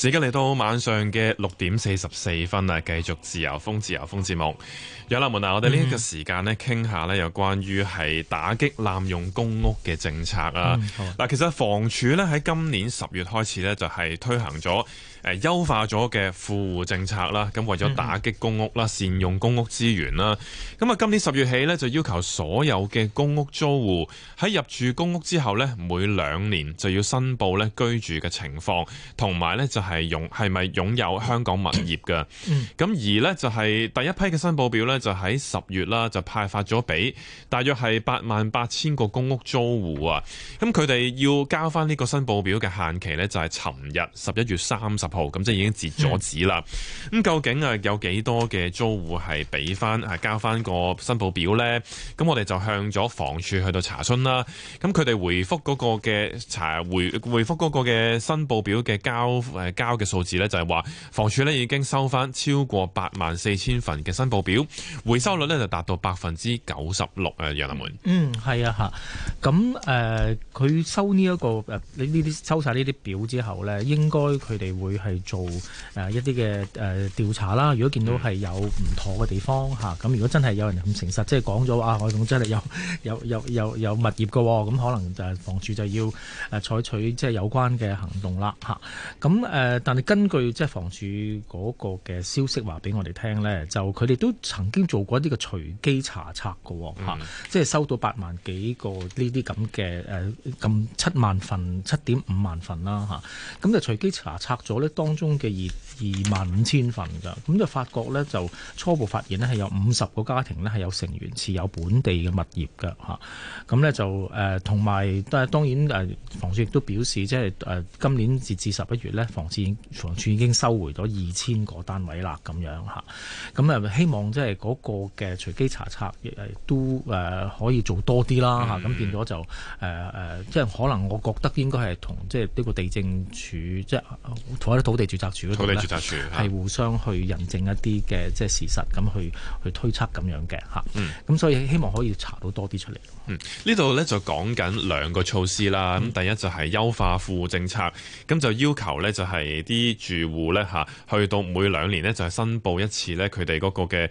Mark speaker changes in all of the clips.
Speaker 1: 時間嚟到晚上嘅六點四十四分啦，繼續自由風自由風節目。楊立門啊，我哋呢個時間咧，傾下咧有關於係打擊濫用公屋嘅政策啊。嗱、嗯，其實房署咧喺今年十月開始咧，就係推行咗。誒優化咗嘅富戶政策啦，咁為咗打擊公屋啦，善用公屋資源啦，咁啊今年十月起咧就要求所有嘅公屋租戶喺入住公屋之後咧，每兩年就要申報咧居住嘅情況，同埋咧就係用係咪擁有香港物業嘅。咁 而咧就係第一批嘅申報表咧就喺十月啦，就派發咗俾大約係八萬八千個公屋租戶啊。咁佢哋要交翻呢個申報表嘅限期咧就係尋日十一月三十。鋪咁即係已經截咗止啦。咁、嗯嗯、究竟啊有幾多嘅租戶係俾翻啊交翻個申報表咧？咁我哋就向咗房署去到查詢啦。咁佢哋回覆嗰個嘅查回回覆嗰個嘅申報表嘅交誒交嘅數字咧，就係、是、話房署咧已經收翻超過八萬四千份嘅申報表，回收率咧就達到百分之九十六誒。梁文廣嗯，係啊吓。
Speaker 2: 咁誒佢收呢、這、一個誒你呢啲收晒呢啲表之後咧，應該佢哋會。係做誒一啲嘅誒調查啦，如果見到係有唔妥嘅地方吓，咁如果真係有人咁誠實，即係講咗，啊，我仲真係有有有有有物業嘅，咁可能就房署就要誒採取即係有關嘅行動啦吓。咁誒，但係根據即係房署嗰個嘅消息話俾我哋聽咧，就佢哋都曾經做過一啲嘅隨機查冊噶吓，即係收到八萬幾個呢啲咁嘅誒咁七萬份七點五萬份啦吓，咁就隨機查冊咗咧。當中嘅二二萬五千份㗎，咁就發覺咧就初步發現呢，係有五十個家庭呢，係有成員持有本地嘅物業㗎嚇，咁、啊、咧就誒同埋誒當然誒、呃、房署亦都表示即係誒今年截至十一月咧，房署房署已經收回咗二千個單位啦咁樣嚇，咁啊，啊希望即係嗰個嘅隨機查冊亦都誒、呃、可以做多啲啦嚇，咁、啊、變咗就誒誒即係可能我覺得應該係同即係呢個地政處即係。就是土地註冊處住宅咧，係互相去印證一啲嘅即係事實，咁去去推測咁樣嘅嚇。咁、嗯、所以希望可以查到多啲出嚟。嗯，
Speaker 1: 呢度咧就講緊兩個措施啦。咁第一就係優化富戶政策，咁、嗯、就要求咧就係啲住戶咧吓去到每兩年咧就係申報一次咧，佢哋嗰個嘅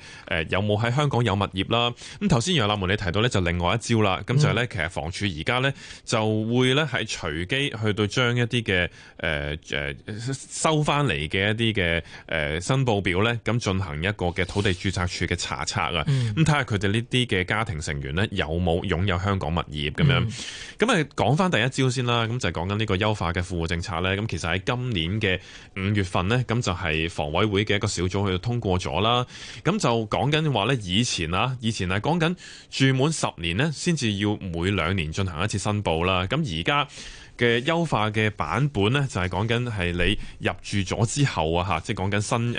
Speaker 1: 有冇喺香港有物業啦。咁頭先楊立門你提到咧就另外一招啦，咁就係咧其實房署而家咧就會咧係隨機去到將一啲嘅誒收翻嚟嘅一啲嘅誒申報表呢，咁進行一個嘅土地註冊處嘅查冊啊，咁睇下佢哋呢啲嘅家庭成員呢，有冇擁有香港物業咁、嗯、樣。咁誒講翻第一招先啦，咁就係講緊呢個優化嘅富戶政策呢。咁其實喺今年嘅五月份呢，咁就係房委會嘅一個小組去通過咗啦。咁就講緊話呢，以前啊，以前係講緊住滿十年呢，先至要每兩年進行一次申報啦。咁而家嘅優化嘅版本呢，就係講緊係你入住咗之後啊，嚇，即係講緊新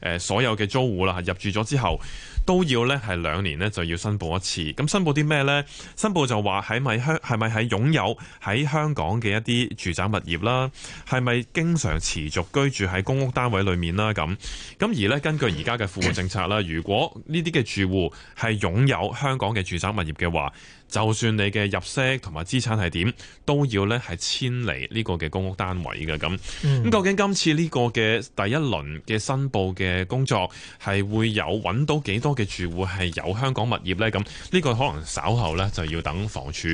Speaker 1: 誒所有嘅租戶啦、啊，入住咗之後都要呢係兩年呢就要申報一次。咁申報啲咩呢？申報就話喺咪香，係咪喺擁有喺香港嘅一啲住宅物業啦？係咪經常持續居住喺公屋單位裏面啦？咁、啊、咁而呢根據而家嘅富戶政策啦， 如果呢啲嘅住戶係擁有香港嘅住宅物業嘅話，就算你嘅入息同埋資產係點都要咧係遷離呢個嘅公屋單位嘅咁。咁、嗯、究竟今次呢個嘅第一輪嘅申報嘅工作係會有揾到幾多嘅住戶係有香港物業咧？咁呢、呢個可能稍後咧就要等房署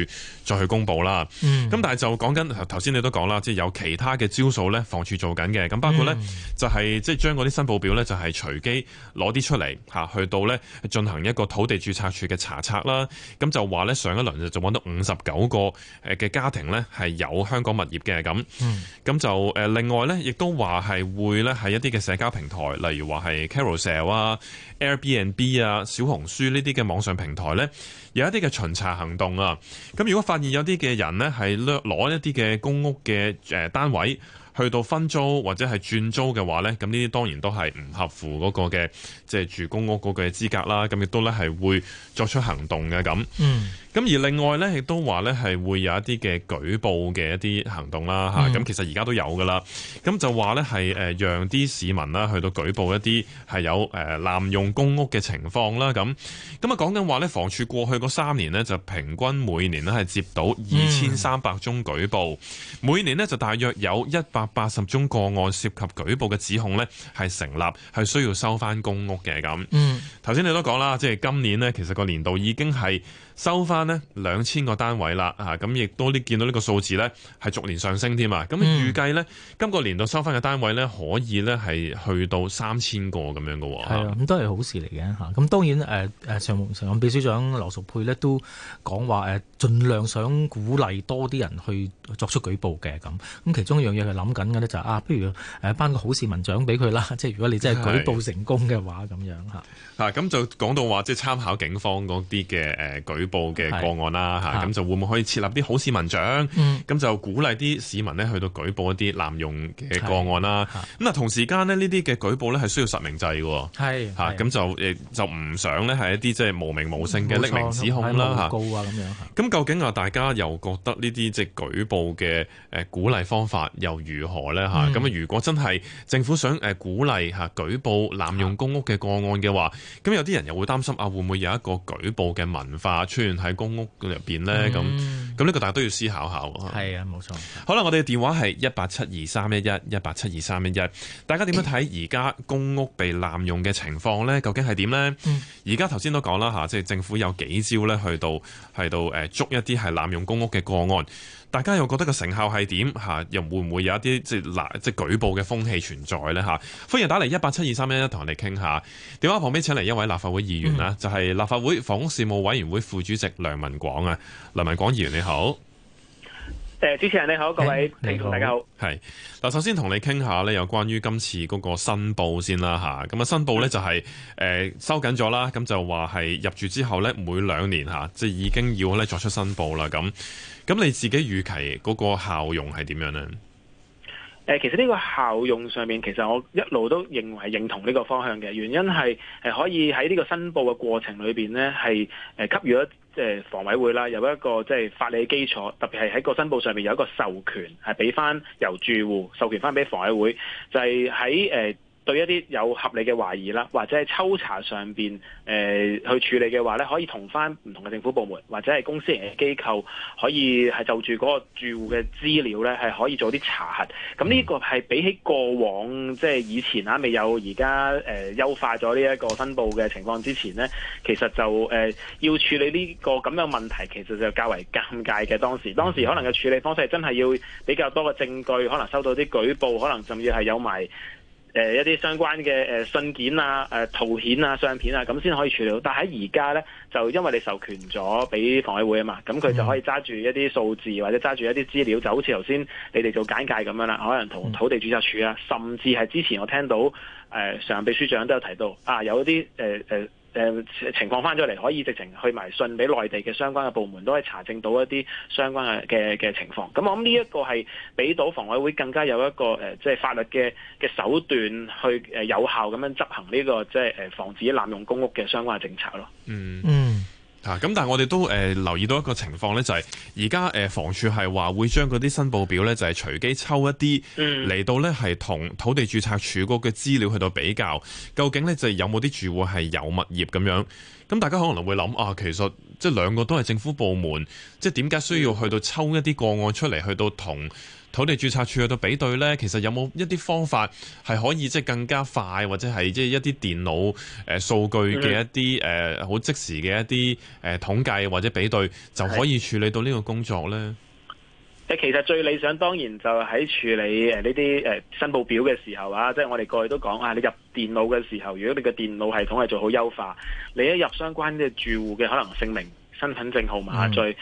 Speaker 1: 再去公布啦。咁、嗯、但係就講緊頭先你都講啦，即係有其他嘅招數咧，房署做緊嘅咁，包括咧就係即係將嗰啲申報表咧就係隨機攞啲出嚟，吓去到咧進行一個土地注冊處嘅查冊啦。咁就話咧。上一輪就就揾到五十九個誒嘅家庭咧，係有香港物業嘅咁。咁、嗯、就誒、呃、另外咧，亦都話係會咧喺一啲嘅社交平台，例如話係 Carousell 啊、Airbnb 啊、小紅書呢啲嘅網上平台咧，有一啲嘅巡查行動啊。咁如果發現有啲嘅人咧係掠攞一啲嘅公屋嘅誒單位去到分租或者係轉租嘅話咧，咁呢啲當然都係唔合乎嗰個嘅即係住公屋嗰個資格啦。咁亦都咧係會作出行動嘅咁。咁而另外咧，亦都話咧，係會有一啲嘅舉報嘅一啲行動啦，咁、嗯、其實而家都有㗎喇。咁就話咧係誒，讓啲市民啦去到舉報一啲係有誒濫用公屋嘅情況啦。咁咁啊講緊話咧，房署過去嗰三年呢，就平均每年咧係接到二千三百宗舉報，嗯、每年呢，就大約有一百八十宗個案涉及舉報嘅指控咧，係成立係需要收返公屋嘅。咁頭先你都講啦，即係今年呢，其實個年度已經係。收翻呢兩千個單位啦，咁亦都啲見到呢個數字咧係逐年上升添嘛。咁、嗯、預計咧今個年度收翻嘅單位咧可以咧係去到三千個咁樣嘅喎。係啊，咁
Speaker 2: 都係好事嚟嘅，咁當然誒誒、呃，常常務秘書長羅淑佩咧都講話誒，盡量想鼓勵多啲人去作出舉報嘅咁。咁其中一樣嘢係諗緊嘅咧就係、是、啊，不如誒頒個好市民獎俾佢啦，即係如果你真係舉報成功嘅話咁樣
Speaker 1: 咁、啊、就講到話即係參考警方嗰啲嘅誒舉報嘅個案啦、啊，咁、啊啊、就會唔會可以設立啲好市民獎，咁、嗯、就鼓勵啲市民呢去到舉報一啲濫用嘅個案啦、啊。咁啊，啊同時間呢啲嘅舉報咧係需要實名制喎，咁、啊、就就唔想咧係一啲即係無名無姓嘅匿名指控啦告啊咁樣咁、啊、究竟啊大家又覺得呢啲即係舉報嘅、呃、鼓勵方法又如何咧咁啊，、嗯、啊如果真係、呃、政府想鼓勵嚇舉報濫用公屋嘅個案嘅話，啊啊咁有啲人又會擔心啊，會唔會有一個舉報嘅文化出現喺公屋入面呢？咁咁呢個大家都要思考下。係啊，冇錯。好啦，我哋嘅電話係一八七二三一一一八七二三一一。大家點樣睇而家公屋被濫用嘅情況呢？究竟係點呢？而家頭先都講啦吓，即係政府有幾招呢，去到去到誒捉一啲係濫用公屋嘅個案。大家又覺得個成效係點嚇？又會唔會有一啲即係嗱即係舉報嘅風氣存在呢？嚇？歡迎打嚟一八七二三一一同我哋傾下。電話旁邊請嚟一位立法會議員啦、嗯，就係、是、立法會房屋事務委員會副主席梁文廣啊。梁文廣議員你好？
Speaker 3: 誒，主持人你好，各位聽眾、hey,
Speaker 1: 大家好。係嗱，首先同你傾下咧，有關於今次嗰個申報先啦吓。咁啊，申報咧就係誒收緊咗啦，咁就話係入住之後咧，每兩年吓，即係已經要咧作出申報啦。咁咁你自己預期嗰個效用係點樣呢？
Speaker 4: 誒，其實呢個效
Speaker 3: 用上面，其實我一路都認為認同呢個方向嘅，原因係誒可以喺呢個申報嘅過程裏邊咧，係誒給予一。即係房委會啦，有一個即係法理基礎，特別係喺個申報上面有一個授權，係俾翻由住戶授權，翻俾房委會，就係喺誒。對一啲有合理嘅懷疑啦，或者係抽查上面誒、呃、去處理嘅話咧，可以同返唔同嘅政府部門或者係公司型嘅機構，可以係就住嗰個住戶嘅資料咧，係可以做啲查核。咁呢個係比起過往即係、就是、以前啦、啊，未有而家誒優化咗呢一個分佈嘅情況之前咧，其實就誒、呃、要處理呢個咁樣問題，其實就較為尷尬嘅當時。當時可能嘅處理方式係真係要比較多嘅證據，可能收到啲舉報，可能甚至係有埋。誒、呃、一啲相關嘅誒、呃、信件啊、誒圖片啊、相片啊，咁先可以處理到。但喺而家呢，就因為你授權咗俾房委會啊嘛，咁佢就可以揸住一啲數字或者揸住一啲資料，就好似頭先你哋做簡介咁樣啦。可能同土地註冊處啊，甚至係之前我聽到誒、呃、常任秘書長都有提到，啊有啲誒誒。呃呃誒情況翻咗嚟，可以直情去埋信俾內地嘅相關嘅部門，都可以查證到一啲相關嘅嘅嘅情況。咁我諗呢一個係俾到房委會更加有一個誒，即係法律嘅嘅手段去誒有效咁樣執行呢個即係誒防止濫用公屋嘅相
Speaker 1: 關政策咯。嗯。咁、嗯、但係我哋都、呃、留意到一個情況咧，就係而家房署係話會將嗰啲申報表咧，就係、是、隨機抽一啲嚟、嗯、到咧，係同土地註冊處嗰個資料去到比較，究竟咧就係、有冇啲住戶係有物業咁樣？咁大家可能會諗啊，其實即係兩個都係政府部門，即係點解需要去到抽一啲個案出嚟去到同？土地註冊處去到比對呢，其實有冇一啲方法係可以即係更加快，或者係即係一啲電腦誒數據嘅一啲誒好即時嘅一啲誒統計或者比對就可以處理到呢個工作呢？
Speaker 3: 其實最理想當然就喺處理誒呢啲誒申報表嘅時候啊，即係我哋過去都講啊，你入電腦嘅時候，如果你嘅電腦系統係做好優化，你一入相關嘅住戶嘅可能姓名身份證號碼再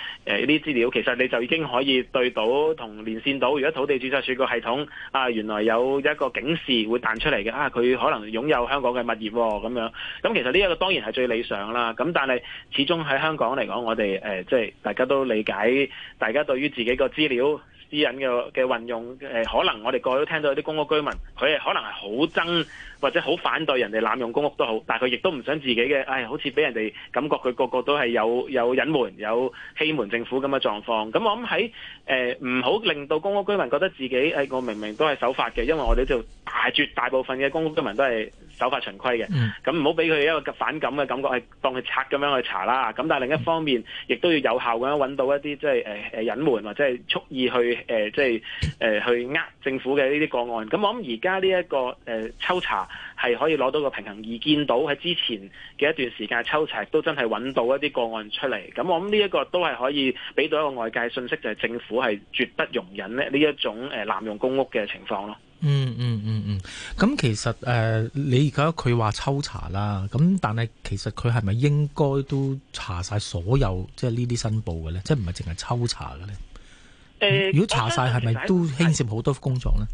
Speaker 3: 誒啲資料，其實你就已經可以對到同連線到，如果土地註冊處個系統啊，原來有一個警示會彈出嚟嘅啊，佢可能擁有香港嘅物業咁樣。咁其實呢一個當然係最理想啦。咁但係始終喺香港嚟講，我哋誒、呃、即係大家都理解，大家對於自己個資料私隱嘅嘅運用、呃、可能我哋過都聽到啲公屋居民，佢係可能係好憎。或者好反對人哋濫用公屋都好，但係佢亦都唔想自己嘅，唉，好似俾人哋感覺佢個，個個都係有有隱瞞、有欺瞞政府咁嘅狀況。咁我諗喺誒唔好令到公屋居民覺得自己誒、哎、我明明都係守法嘅，因為我哋呢度大絕大部分嘅公屋居民都係守法循規嘅。咁唔好俾佢一個反感嘅感覺，係當佢賊咁樣去查啦。咁但係另一方面，亦都要有效咁樣揾到一啲即係誒誒隱瞞或者係蓄意去誒即係誒去呃政府嘅呢啲個案。咁我諗而家呢一個、呃、抽查。係可以攞到個平衡意見。到喺之前嘅一段時間抽查都真係揾到一啲個案出嚟，咁我諗呢一個都係可以俾到一個外界嘅信息，就係政府係絕不容忍咧，呢一種誒濫用公屋嘅情況咯、嗯。
Speaker 2: 嗯嗯嗯嗯，咁、嗯嗯、其實誒、呃，你而家佢話抽查啦，咁但係其實佢係咪應該都查晒所有即係呢啲申報嘅呢？即係唔係淨係抽查嘅呢？
Speaker 3: 欸？如果查晒係咪都牽
Speaker 2: 涉好多工作呢？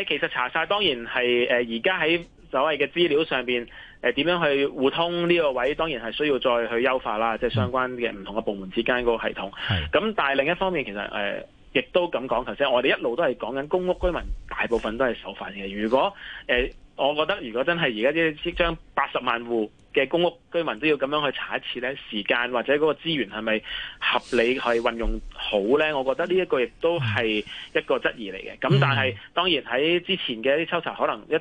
Speaker 3: 誒，其實查晒當然係誒，而家喺所謂嘅資料上邊，誒點樣去互通呢個位，當然係需要再去優化啦，即係相關嘅唔同嘅部門之間嗰個系統。咁，但係另一方面其實誒、呃，亦都咁講頭先，我哋一路都係講緊公屋居民大部分都係守法嘅。如果誒、呃，我覺得如果真係而家啲即將八十萬戶。嘅公屋居民都要咁樣去查一次咧，時間或者嗰個資源係咪合理去運用好咧？我覺得呢一個亦都係一個質疑嚟嘅。咁但係、嗯、當然喺之前嘅一啲抽查，可能一。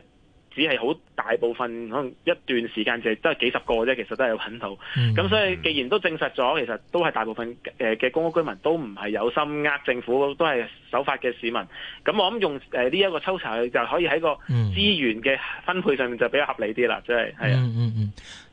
Speaker 3: 只係好大部分可能一段時間就係都係幾十個啫，其實都係有揾到。咁、嗯、所以既然都證實咗，其實都係大部分嘅公屋居民都唔係有心呃政府，都係守法嘅市民。咁我諗用呢一個抽查，就可以喺個資源嘅分配上面就比較合理啲啦。即係係啊。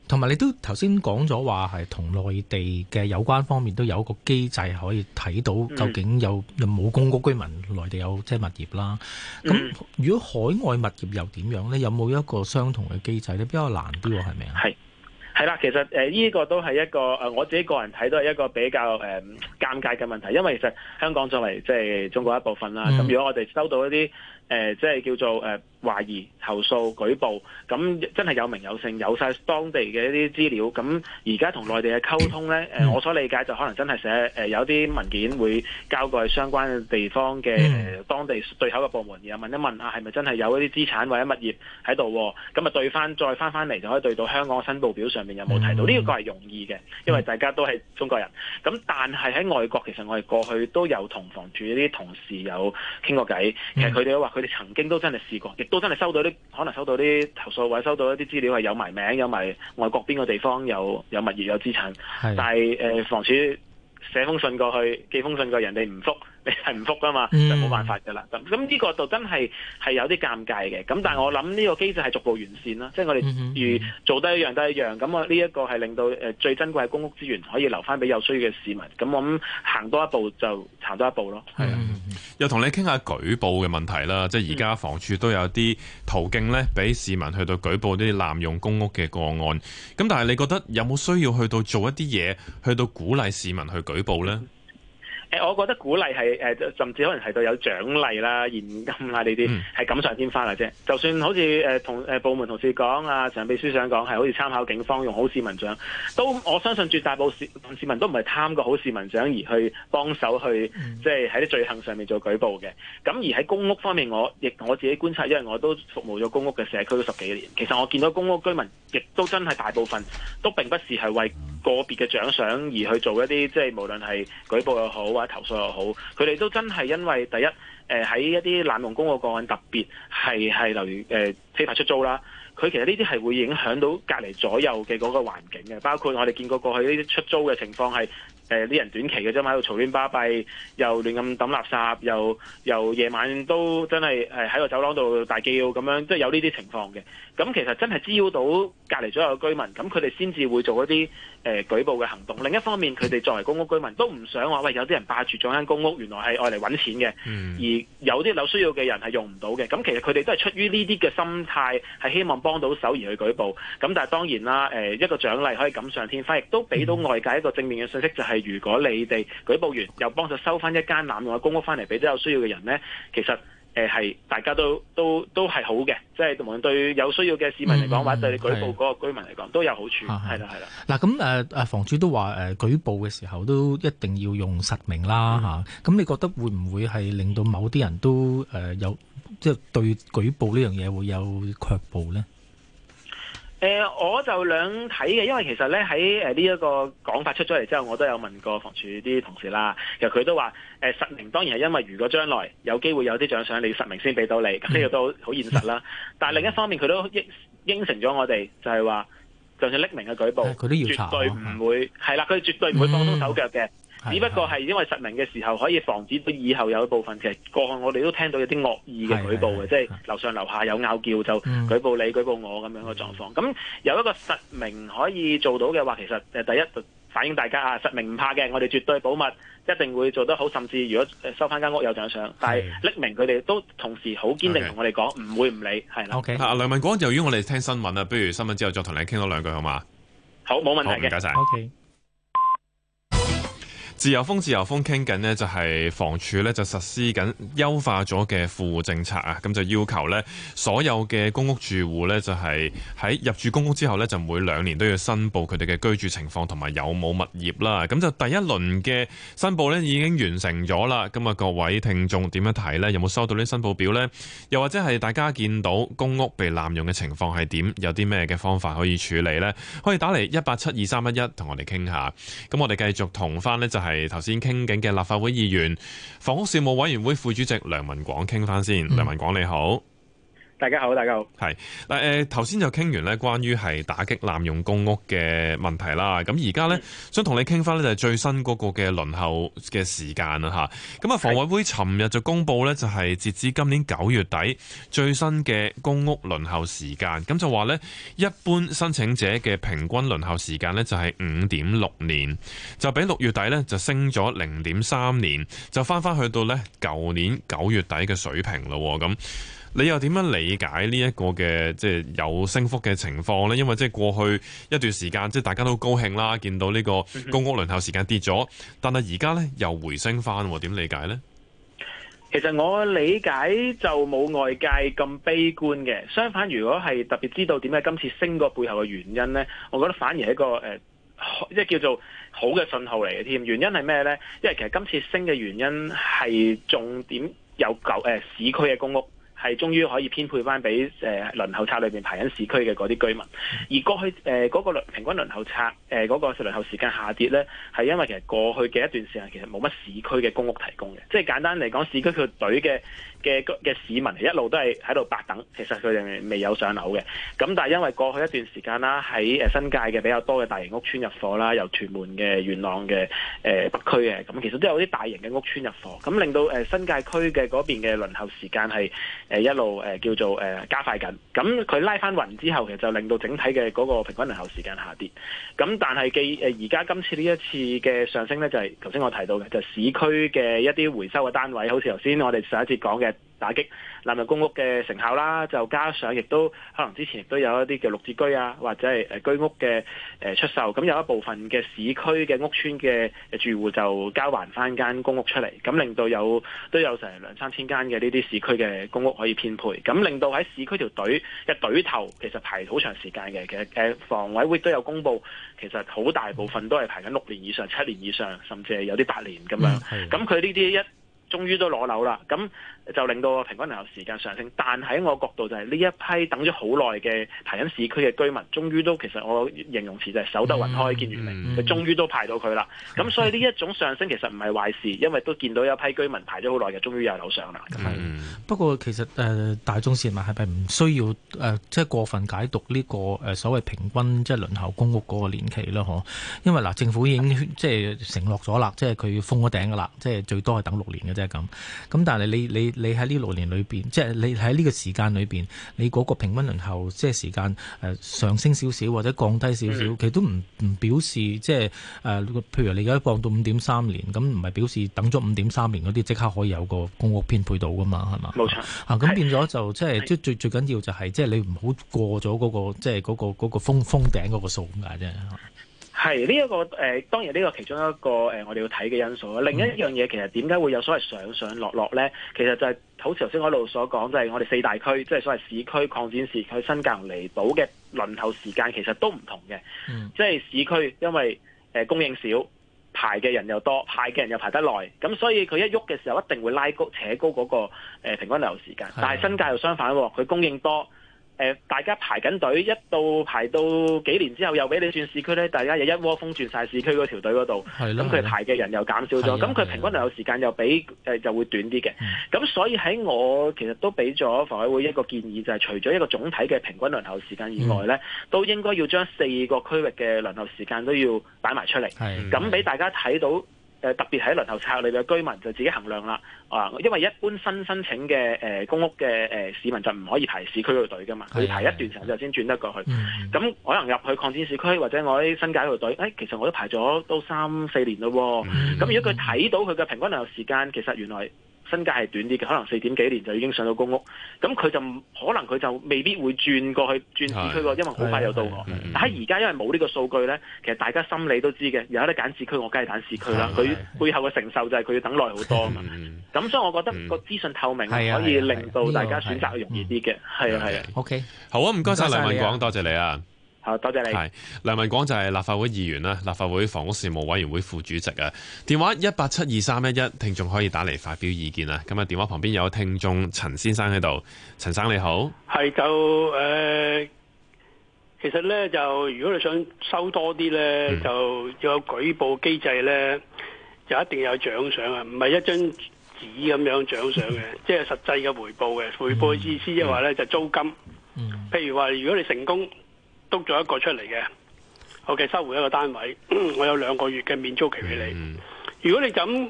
Speaker 2: 同埋你都頭先講咗話係同內地嘅有關方面都有個機制，可以睇到究竟有有冇公屋居民、嗯、內地有即係物業啦。咁、嗯、如果海外物業又點樣呢？有冇一個相同嘅機制呢？比較難啲喎，係咪啊？係
Speaker 3: 係啦，其實呢個都係一個我自己個人睇都係一個比較誒尷尬嘅問題，因為其實香港作為即係中國一部分啦。咁、嗯、如果我哋收到一啲即係叫做懷疑、投訴、舉報，咁真係有名有姓，有晒當地嘅一啲資料。咁而家同內地嘅溝通呢、嗯呃，我所理解就可能真係寫、呃、有啲文件會交過去相關嘅地方嘅、呃、當地對口嘅部門，然後問一問下係咪真係有一啲資產或者物業喺度？咁啊對翻再翻翻嚟就可以對到香港嘅申報表上面有冇提到？呢、嗯呢個係容易嘅，因為大家都係中國人。咁但係喺外國，其實我哋過去都有同房署啲同事有傾過偈，其實佢哋都話佢哋曾經都真係試過。都真係收到啲，可能收到啲投訴，或者收到一啲資料係有埋名，有埋外國邊個地方有有物業有資產，但係、呃、房署寫封信過去，寄封信過去，人哋唔覆。係唔覆噶嘛？嗯、就冇辦法噶啦。咁咁呢個就真係係有啲尷尬嘅。咁但係我諗呢個機制係逐步完善啦。即係我哋如做得一樣得一樣。咁我呢一個係令到誒最珍貴公屋資源可以留翻俾有需要嘅市民。咁我行多一步就查多一步咯。係、嗯、
Speaker 1: 啊。又同你傾下舉報嘅問題啦。即係而家房署都有啲途徑呢，俾市民去到舉報呢啲濫用公屋嘅個案。咁但係你覺得有冇需要去到做一啲嘢，去到鼓勵市民去舉報呢？
Speaker 3: 誒，我覺得鼓勵係甚至可能提到有獎勵啦、現金啦呢啲，係錦上添花啦啫。Mm. 就算好似誒同部門同事講啊、常秘書長講，係好似參考警方用好市民獎，都我相信絕大部分市民都唔係貪個好市民獎而去幫手去，即係喺啲罪行上面做舉報嘅。咁而喺公屋方面，我亦我自己觀察，因為我都服務咗公屋嘅社區都十幾年，其實我見到公屋居民亦都真係大部分都並不是係為個別嘅獎賞而去做一啲即係無論係舉報又好，投訴又好，佢哋都真係因為第一，誒、呃、喺一啲濫用公嘅個案特，特別係係例如誒非法出租啦，佢其實呢啲係會影響到隔籬左右嘅嗰個環境嘅，包括我哋見過過去呢啲出租嘅情況係。誒、呃、啲人短期嘅啫，喺度嘈亂巴閉，又亂咁抌垃圾，又又夜晚都真係誒喺個走廊度大叫咁樣，即係有呢啲情況嘅。咁其實真係滋擾到隔離左右嘅居民，咁佢哋先至會做一啲誒、呃、舉報嘅行動。另一方面，佢哋作為公屋居民都唔想話，喂有啲人霸住咗間公屋，原來係愛嚟揾錢嘅、嗯。而有啲有需要嘅人係用唔到嘅。咁其實佢哋都係出於呢啲嘅心態，係希望幫到手而去舉報。咁但係當然啦，誒、呃、一個獎勵可以錦上添花，反而亦都俾到外界一個正面嘅信息，就係、是。如果你哋舉報完，又幫手收翻一間濫用嘅公屋翻嚟俾啲有需要嘅人呢，其實誒係、呃、大家都都都係好嘅，即係無論對有需要嘅市民嚟講，或者對你舉報嗰個居民嚟講、嗯，都有好處，係、嗯、
Speaker 2: 啦，係、嗯、啦。嗱咁誒誒房署都話誒、呃、舉報嘅時候都一定要用實名啦嚇。咁、嗯啊、你覺得會唔會係令到某啲人都誒有即係、呃就是、對舉報呢樣嘢會有卻步呢？
Speaker 3: 誒、呃，我就兩睇嘅，因為其實咧喺誒呢一個講法出咗嚟之後，我都有問過房署啲同事啦。其實佢都話，誒、呃、實名當然係因為如果將來有機會有啲獎賞，你要實名先俾到你，咁、嗯、呢、這個都好現實啦、嗯。但係另一方面，佢都應應承咗我哋，就係、是、話，就算匿名嘅舉報，佢、嗯、都要查，絕對唔會係啦，佢、嗯、絕對唔會放鬆手腳嘅。嗯只不過係因為實名嘅時候，可以防止到以後有一部分其實過去，我哋都聽到有啲惡意嘅舉報嘅，是是是是即係樓上樓下有拗撬就舉報你、嗯、舉報我咁樣嘅狀況。咁有一個實名可以做到嘅話，其實第一反映大家啊，實名唔怕嘅，我哋絕對保密，一定會做得好。甚至如果收翻間屋有獎賞，但係匿名佢哋都同時好堅定同我哋講，唔會唔理。Okay.，係啦。
Speaker 1: Okay. 啊梁文廣，由於我哋聽新聞啦，不如新聞之後再同你傾多兩句好嘛？
Speaker 3: 好，冇問題嘅。好，唔該
Speaker 1: 自由風，自由風，傾緊呢就係、是、房署呢就實施緊優化咗嘅富戶政策啊！咁就要求呢所有嘅公屋住戶呢，就係、是、喺入住公屋之後呢，就每兩年都要申報佢哋嘅居住情況同埋有冇物業啦。咁就第一輪嘅申報呢已經完成咗啦。咁啊，各位聽眾點樣睇呢？有冇收到呢申報表呢？又或者係大家見到公屋被濫用嘅情況係點？有啲咩嘅方法可以處理呢？可以打嚟一八七二三一一同我哋傾下。咁我哋繼續同返呢。就係、是。係頭先傾緊嘅立法會議員、房屋事務委員會副主席梁文廣，傾翻先，梁文廣你好。大家好，大家好。係嗱，誒、呃，頭先就傾完咧，關於係打擊濫用公屋嘅問題啦。咁而家咧，想同你傾翻咧，就係最新嗰個嘅輪候嘅時間啦，吓。咁啊，房委會尋日就公布咧，就係截至今年九月底最新嘅公屋輪候時間。咁就話咧，一般申請者嘅平均輪候時間咧，就係五點六年，就比六月底咧就升咗零點三年，就翻翻去到咧舊年九月底嘅水平咯，咁。你又點樣理解呢一個嘅即係有升幅嘅情況呢？因為即係過去一段時間，即係大家都高興啦，見到呢個公屋輪候時間跌咗，但係而家呢又回升翻，點理解呢？
Speaker 3: 其實我理解就冇外界咁悲觀嘅，相反，如果係特別知道點解今次升個背後嘅原因呢，我覺得反而係一個誒，即、呃、係叫做好嘅信號嚟嘅添。原因係咩呢？因為其實今次升嘅原因係重點有舊誒、呃、市區嘅公屋。係終於可以編配翻俾誒輪候冊裏面排緊市區嘅嗰啲居民，而過去誒嗰、呃嗰個平均輪候冊嗰個輪候時間下跌咧，係因為其實過去嘅一段時間其實冇乜市區嘅公屋提供嘅，即係簡單嚟講，市區佢隊嘅嘅嘅市民係一路都係喺度白等，其實佢哋未，未有上樓嘅。咁但係因為過去一段時間啦，喺新界嘅比較多嘅大型屋邨入伙啦，由屯門嘅元朗嘅、呃、北區嘅，咁其實都有啲大型嘅屋邨入伙。咁令到、呃、新界區嘅嗰邊嘅輪候時間係。誒一路誒叫做誒加快緊，咁佢拉翻勻之後，其實就令到整體嘅嗰個平均輪候時間下跌。咁但係既誒而家今次呢一次嘅上升咧，就係頭先我提到嘅，就係市區嘅一啲回收嘅單位，好似頭先我哋上一節講嘅。打擊濫用公屋嘅成效啦，就加上亦都可能之前亦都有一啲嘅綠置居啊，或者係居屋嘅、呃、出售，咁有一部分嘅市區嘅屋邨嘅住戶就交還翻間公屋出嚟，咁令到有都有成兩三千間嘅呢啲市區嘅公屋可以編配，咁令到喺市區條隊嘅隊頭其實排好長時間嘅，其實誒房委會都有公布，其實好大部分都係排緊六年以上、七年以上，甚至係有啲八年咁樣。咁佢呢啲一終於都攞樓啦，咁。就令到平均輪候時間上升，但喺我角度就係呢一批等咗好耐嘅排緊市區嘅居民，終於都其實我形容詞就係守得雲開見月明，佢、mm-hmm. 終於都排到佢啦。咁所以呢一種上升其實唔係壞事，因為都見到一批居民排咗好耐嘅，終於有樓上啦、mm-hmm.。
Speaker 2: 不過其實誒、呃、大眾市民係咪唔需要誒、呃、即係過分解讀呢個誒所謂平均即係輪候公屋嗰個年期啦？嗬，因為嗱、呃、政府已經即係承諾咗啦，即係佢封咗頂噶啦，即係最多係等六年嘅啫咁。咁但係你你。你你喺呢六年裏邊，即係你喺呢個時間裏邊，你嗰個平均輪候即係時間誒上升少少或者降低少少，其實都唔唔表示即係誒，譬如你而家降到五點三年，咁唔係表示等咗五點三年嗰啲即刻可以有個公屋編配到噶嘛？係嘛？冇錯啊！咁變咗就即係即最最緊要就係即係你唔好過咗嗰個即係嗰個封封頂嗰個數咁解啫。
Speaker 3: 係呢一個誒、呃，當然呢個其中一個誒、呃，我哋要睇嘅因素。另一樣嘢、嗯，其實點解會有所謂上上落落咧？其實就係、是、好似頭先我一路所講，就係、是、我哋四大區，即係所謂市區、擴展市區、新界同離島嘅輪候時間，其實都唔同嘅、嗯。即係市區，因為誒、呃、供應少，排嘅人又多，排嘅人又排得耐，咁所以佢一喐嘅時候，一定會拉高扯高嗰、那個誒、呃、平均輪候時間。是但係新界又相反喎，佢、哦、供應多。呃、大家排緊隊，一到排到幾年之後又俾你轉市區咧，大家又一窩蜂轉晒市區嗰條隊嗰度，咁佢排嘅人又減少咗，咁佢平均輪候時間又比、呃、就會短啲嘅。咁、嗯、所以喺我其實都俾咗房委會一個建議，就係除咗一個總體嘅平均輪候時間以外咧、嗯，都應該要將四個區域嘅輪候時間都要擺埋出嚟，咁俾大家睇到。誒特別喺輪候冊裡嘅居民就自己衡量啦。啊，因為一般新申請嘅、呃、公屋嘅、呃、市民就唔可以排市區嘅隊嘅嘛，佢排一段時間之後先轉得過去。咁、嗯、可能入去擴展市區或者我喺新界嘅隊、哎，其實我都排咗都三四年嘞、啊。咁、嗯、如果佢睇到佢嘅平均輪候時間，其實原來。身價係短啲嘅，可能四點幾年就已經上到公屋，咁佢就可能佢就未必會轉過去轉市區個，因為好快又到我。但係而家因為冇呢個數據呢，其實大家心理都知嘅，有得揀市區我梗係揀市區啦。佢背後嘅承受就係佢要等耐好多嘛。咁、嗯、所以我覺得個資訊透明係可以令到大家選擇容易啲嘅，係啊係啊。
Speaker 1: OK，好啊，唔該晒。梁文廣謝謝，多謝你啊。多謝，你。係梁文廣就係立法會議員啦，立法會房屋事務委員會副主席啊。電話一八七二三一一，聽眾可以打嚟發表意見啊。咁啊，電話旁邊有聽眾陳先生喺度。陳生你好，
Speaker 5: 係就誒、呃，其實咧就如果你想收多啲咧、嗯，就有舉報機制咧，就一定有獎賞啊，唔係一張紙咁樣獎賞嘅，即、嗯、係、就是、實際嘅回報嘅。回報的意思即係話咧就呢、就是、租金，譬、嗯、如話如果你成功。督咗一個出嚟嘅，OK 收回一個單位，我有兩個月嘅免租期俾你、嗯。如果你咁，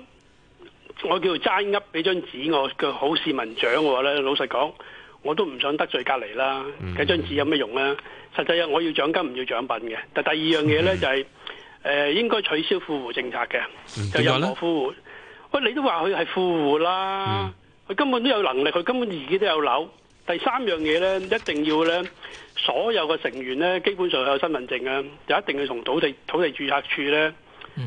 Speaker 5: 我叫做齋噏俾張紙，我嘅好市民獎嘅話咧，老實講，我都唔想得罪隔離啦。幾張紙有咩用咧？實際上我要獎金唔要獎品嘅。但第二樣嘢咧、嗯、就係、是，誒、呃、應該取消富戶政策嘅，就任何富戶。喂，你都話佢係富戶啦，佢、嗯、根本都有能力，佢根本自己都有樓。第三樣嘢咧，一定要咧，所有嘅成員咧，基本上有身份證啊，就一定要同土地土地註冊處咧，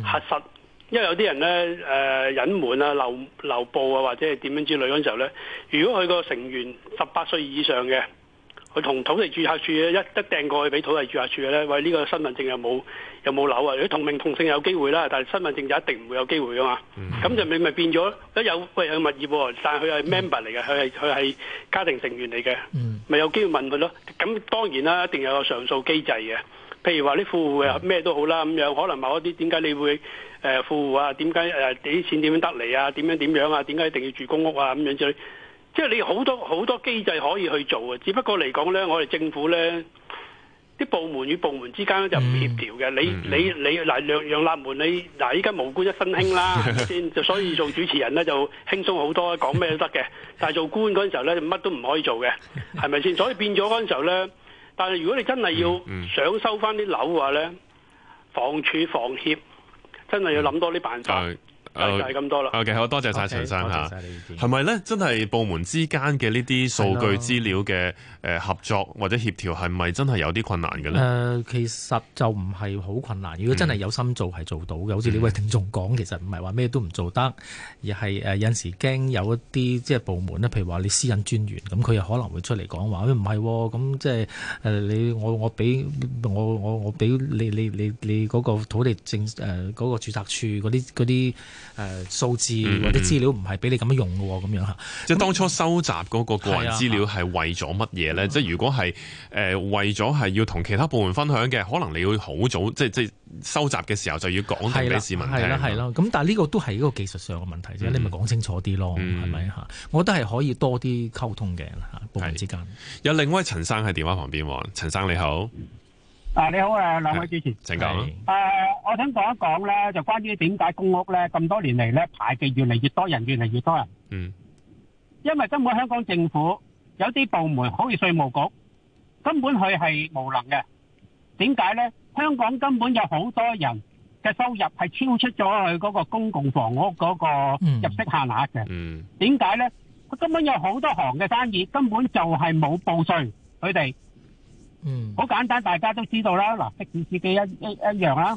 Speaker 5: 核實，因為有啲人咧，誒隱瞞啊、漏漏報啊，或者係點樣之類嗰陣時候咧，如果佢個成員十八歲以上嘅。佢同土地住客處一一掟過去俾土地住客處嘅咧，喂呢、呢個身份證又冇又冇樓啊！如果同名同姓有機會啦，但係身份證就一定唔會有機會啊嘛。咁、嗯、就你咪變咗？一有喂有物業喎，但係佢係 member 嚟嘅，佢係佢係家庭成員嚟嘅，咪、嗯、有機會問佢咯。咁當然啦，一定有個上訴機制嘅。譬如話啲富戶咩都好啦，咁樣可能某一啲點解你會誒富戶啊？點解誒啲錢點樣得嚟啊？點樣點樣啊？點解一定要住公屋啊？咁樣之類。即係你好多好多機制可以去做啊！只不過嚟講呢，我哋政府呢啲部門與部門之間就唔協調嘅。你、嗯、你你嗱，楊楊立門你嗱，依家無官一身輕啦，係咪先？就所以做主持人呢，就輕鬆好多，講咩都得嘅。但係做官嗰陣時候呢，乜都唔可以做嘅，係咪先？所以變咗嗰陣時候呢，但係如果你真係要想收翻啲樓嘅話呢，房署房協真係要諗多啲辦法。嗯咁多啦。OK，好多謝晒陳生吓。
Speaker 1: 係咪咧？真係部門之間嘅呢啲數據資料嘅合作或者協調，係咪真係有啲困難嘅咧、
Speaker 2: 呃？其實就唔係好困難。如果真係有心做，係做到嘅、嗯。好似你位聽眾講，其實唔係話咩都唔做得，嗯、而係有陣時驚有一啲即係部門咧，譬如話你私隱專員，咁佢又可能會出嚟講話，唔係喎，咁即係你我我俾我我我俾你你你你嗰、嗰個土地政誒嗰、呃嗰個註冊處啲嗰啲。誒、呃，數字或者資料唔係俾你咁樣用嘅，咁、嗯嗯、樣吓。
Speaker 1: 即係當初收集嗰個個人資料係為咗乜嘢咧？即係如果係誒、呃、為咗係要同其他部門分享嘅，可能你要好早即係即係收集嘅時候就要講出俾市民聽。係啦，係、
Speaker 2: 嗯、咯。咁、嗯嗯、但係呢個都係一個技術上嘅問題
Speaker 1: 啫，你咪講清楚啲咯，係咪吓？
Speaker 2: 我覺得係可以多啲溝通嘅吓，
Speaker 1: 部門之間。有另外陳生喺電話旁邊喎，陳生你好。
Speaker 4: 啊，你好，誒，兩位主持，請教，嗯，好簡單，大家都知道啦。嗱，的士司機一一一樣啦，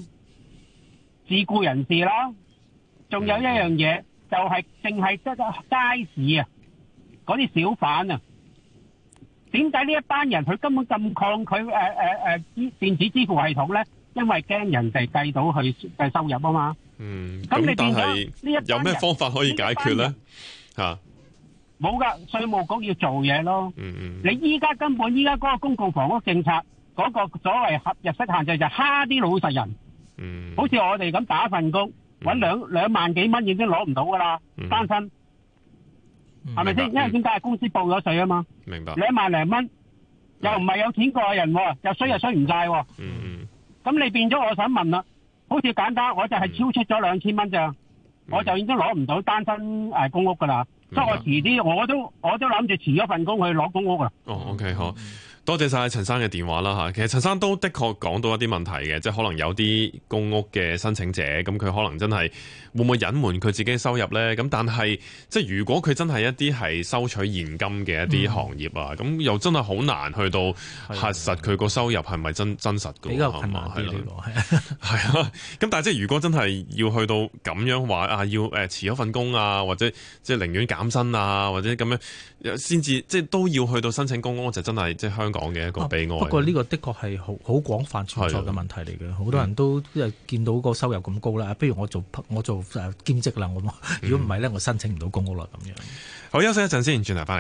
Speaker 4: 自僱人士啦，仲有一樣嘢、嗯、就係淨係得街市啊，嗰啲小販啊，點解呢一班人佢根本咁抗拒誒誒誒電子支付系統咧？因為驚人哋計到佢嘅收入啊嘛。
Speaker 1: 嗯，咁但係有咩方法可以解決咧？
Speaker 4: 冇噶，稅務局要做嘢咯。嗯嗯，你依家根本依家嗰個公共房屋政策嗰個所謂合入息限制就蝦啲老實人。嗯，好似我哋咁打份工搵、嗯、兩兩萬幾蚊已經攞唔到噶啦、嗯，單身。
Speaker 1: 係咪先？因為點
Speaker 4: 解啊？公司報咗稅啊嘛。明、嗯、
Speaker 1: 白。兩
Speaker 4: 萬零蚊又唔係有錢過人、嗯，又衰又衰唔晒嗯。咁、嗯、你變咗，我想問啦，好似簡單，我就係超出咗兩千蚊咋。我就已經攞唔到單身公屋㗎啦，所以我遲啲我都我都諗住遲咗份工去攞公屋㗎啦。
Speaker 1: 哦，oh，OK，好。多謝晒陳生嘅電話啦吓，其實陳生都的確講到一啲問題嘅，即係可能有啲公屋嘅申請者，咁佢可能真係會唔會隱瞞佢自己嘅收入呢？咁但係即係如果佢真係一啲係收取現金嘅一啲行業啊，咁、嗯、又真係好難去到核實佢個收入係咪真真實噶？比較困難啲咯，係啊，咁 但係即係如果真係要去到咁樣話啊，要誒辭咗份工啊，或者即係寧願減薪啊，或者咁樣。先至即係都要去到申請公屋，就真係即係香港嘅一個悲哀，啊。不過呢
Speaker 2: 個的確係好好廣泛存在嘅問題嚟嘅，好多人都即係見到個收入咁高啦，不、啊、如我做我做誒、啊、兼職啦。我、嗯、如果唔係咧，我申請唔到公屋啦咁
Speaker 1: 樣。好，休息一陣先回回來，轉頭翻嚟。